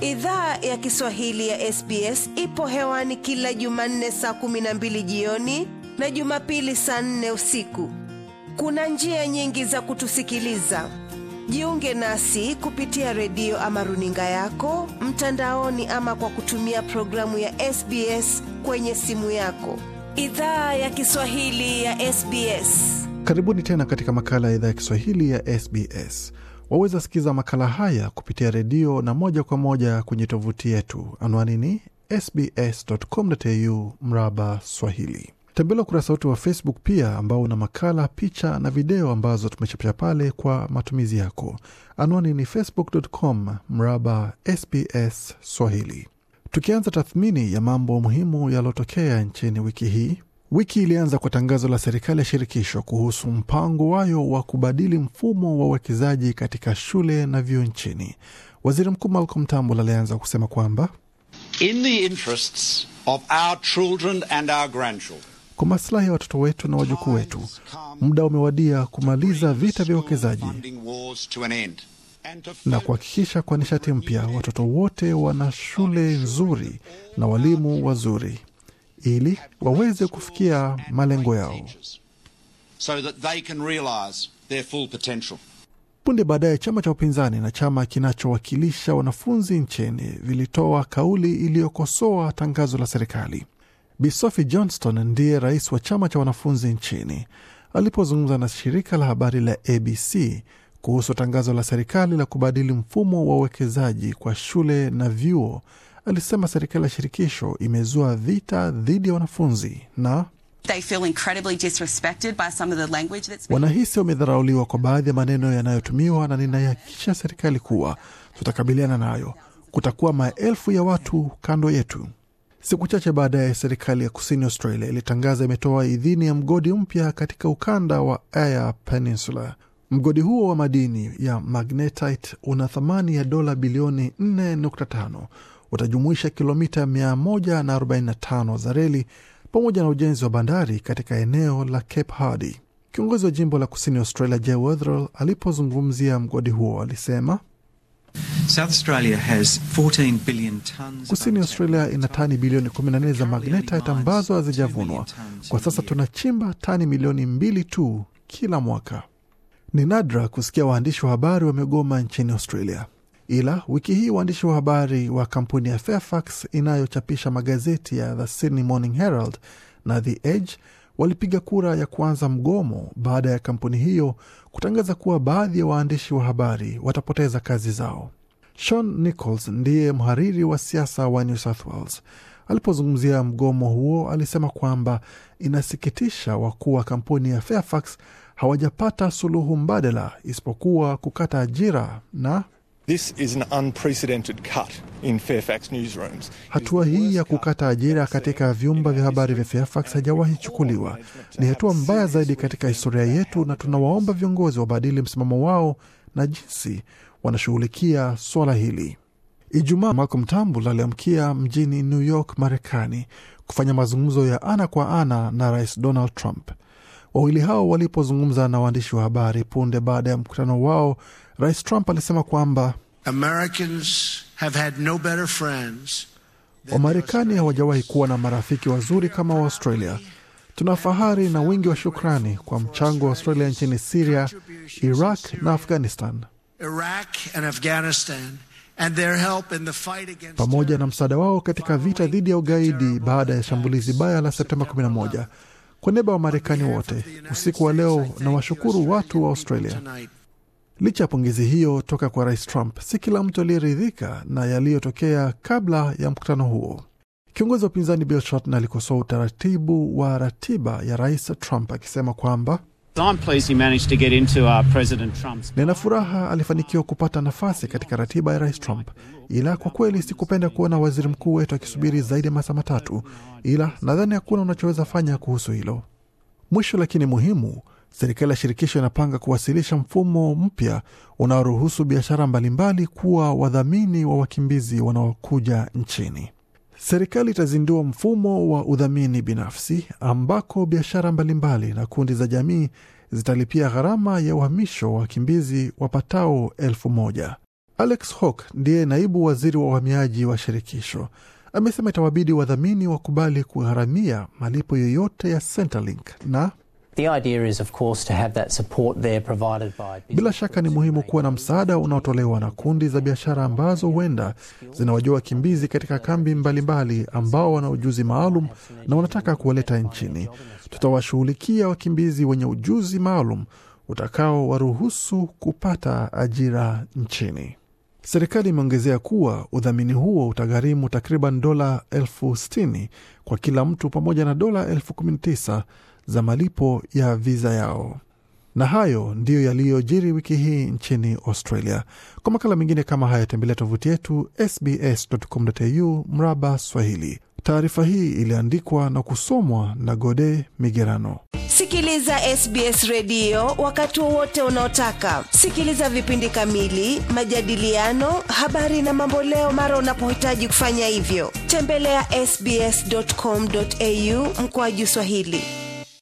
Idhaa ya Kiswahili ya SBS ipo hewani kila Jumanne saa kumi na mbili jioni na Jumapili saa nne usiku. Kuna njia nyingi za kutusikiliza. Jiunge nasi kupitia redio ama runinga yako mtandaoni, ama kwa kutumia programu ya SBS kwenye simu yako. Idhaa ya Kiswahili ya SBS. Karibuni tena katika makala ya idhaa ya Kiswahili ya SBS waweza sikiza makala haya kupitia redio na moja kwa moja kwenye tovuti yetu anwani ni sbs.com.au mraba swahili tembelea ukurasa wetu wa facebook pia ambao una makala picha na video ambazo tumechapisha pale kwa matumizi yako anwani ni facebook.com mraba sbs swahili tukianza tathmini ya mambo muhimu yaliyotokea nchini wiki hii Wiki ilianza kwa tangazo la serikali ya shirikisho kuhusu mpango wayo wa kubadili mfumo wa uwekezaji katika shule na vyuo nchini. Waziri Mkuu Malcolm Turnbull alianza kusema kwamba In the interests of our children and our grandchildren kwa masilahi ya watoto wetu na wajukuu wetu, muda umewadia kumaliza vita vya uwekezaji na kuhakikisha kwa nishati mpya watoto wote wana shule nzuri na walimu wazuri ili waweze kufikia malengo yao. Punde baadaye chama cha upinzani na chama kinachowakilisha wanafunzi nchini vilitoa kauli iliyokosoa tangazo la serikali. Bi Sophie Johnston ndiye rais wa chama cha wanafunzi nchini alipozungumza na shirika la habari la ABC kuhusu tangazo la serikali la kubadili mfumo wa uwekezaji kwa shule na vyuo alisema serikali ya shirikisho imezua vita dhidi ya wanafunzi na They feel by some of the that's... wanahisi wamedharauliwa kwa baadhi ya maneno yanayotumiwa, na ninayakisha serikali kuwa tutakabiliana nayo. Kutakuwa maelfu ya watu kando yetu. Siku chache baadaye, serikali ya kusini Australia ilitangaza imetoa idhini ya mgodi mpya katika ukanda wa aya Peninsula. Mgodi huo wa madini ya magnetite una thamani ya dola bilioni 4.5 utajumuisha kilomita 145 za reli pamoja na ujenzi wa bandari katika eneo la Cape Hardy. Kiongozi wa jimbo la kusini Australia Jay Weatherill alipozungumzia mgodi huo alisema South Australia has 14 billion tons. Kusini Australia ina tani bilioni 14 za magnetite ambazo hazijavunwa kwa sasa. Tunachimba tani milioni mbili tu kila mwaka. Ni nadra kusikia waandishi wa habari wamegoma nchini Australia. Ila wiki hii waandishi wa habari wa kampuni ya Fairfax inayochapisha magazeti ya The Sydney Morning Herald na The Edge walipiga kura ya kuanza mgomo baada ya kampuni hiyo kutangaza kuwa baadhi ya waandishi wa habari watapoteza kazi zao. shon Nichols ndiye mhariri wa siasa wa New South Wales. Alipozungumzia mgomo huo, alisema kwamba inasikitisha wakuu wa kampuni ya Fairfax hawajapata suluhu mbadala isipokuwa kukata ajira na This is an unprecedented cut in Fairfax newsrooms. Hatua hii ya kukata ajira katika vyumba vya habari vya Fairfax hajawahi chukuliwa. Ni hatua mbaya zaidi katika historia yetu, na tunawaomba viongozi wabadili msimamo wao na jinsi wanashughulikia swala hili. Ijumaa, Malcolm Turnbull aliamkia mjini New York, Marekani, kufanya mazungumzo ya ana kwa ana na Rais Donald Trump. Wawili hao walipozungumza na waandishi wa habari punde baada ya mkutano wao, Rais Trump alisema kwamba Wamarekani hawajawahi kuwa na marafiki wazuri kama Waaustralia. Tuna fahari na wingi wa shukrani kwa mchango wa Australia nchini Siria, Iraq na Afghanistan. Pamoja na msaada wao katika vita dhidi ya ugaidi baada ya shambulizi baya la Septemba 11 kwa niaba wa Wamarekani wote, usiku wa leo na washukuru watu wa Australia. Licha ya pongezi hiyo toka kwa Rais Trump, si kila mtu aliyeridhika na yaliyotokea kabla ya mkutano huo. Kiongozi wa upinzani Bill Shorten alikosoa utaratibu wa ratiba ya Rais Trump akisema kwamba Uh, Nina furaha alifanikiwa kupata nafasi katika ratiba ya Rais Trump, ila kwa kweli sikupenda kuona waziri mkuu wetu akisubiri zaidi ya masaa matatu, ila nadhani hakuna unachoweza fanya kuhusu hilo. Mwisho lakini muhimu, serikali ya shirikisho inapanga kuwasilisha mfumo mpya unaoruhusu biashara mbalimbali kuwa wadhamini wa wakimbizi wanaokuja nchini. Serikali itazindua mfumo wa udhamini binafsi ambako biashara mbalimbali na kundi za jamii zitalipia gharama ya uhamisho wa wakimbizi wapatao elfu moja. Alex Hawke ndiye naibu waziri wa uhamiaji wa shirikisho amesema itawabidi wadhamini wakubali kugharamia malipo yoyote ya Centrelink na bila shaka ni muhimu kuwa na msaada unaotolewa na kundi za biashara ambazo huenda zinawajua wakimbizi katika kambi mbalimbali mbali ambao wana ujuzi maalum na wanataka kuwaleta nchini. Tutawashughulikia wakimbizi wenye ujuzi maalum utakao waruhusu kupata ajira nchini. Serikali imeongezea kuwa udhamini huo utagharimu takriban dola elfu sitini kwa kila mtu pamoja na dola elfu kumi na tisa za malipo ya viza yao. Na hayo ndiyo yaliyojiri wiki hii nchini Australia. Kwa makala mengine kama haya, tembelea tovuti yetu sbs.com.au mraba Swahili. Taarifa hii iliandikwa na kusomwa na Gode Migerano. Sikiliza SBS redio wakati wowote unaotaka. Sikiliza vipindi kamili, majadiliano, habari na mamboleo mara unapohitaji kufanya hivyo. Tembelea sbscu sbs.com.au mkoaju Swahili.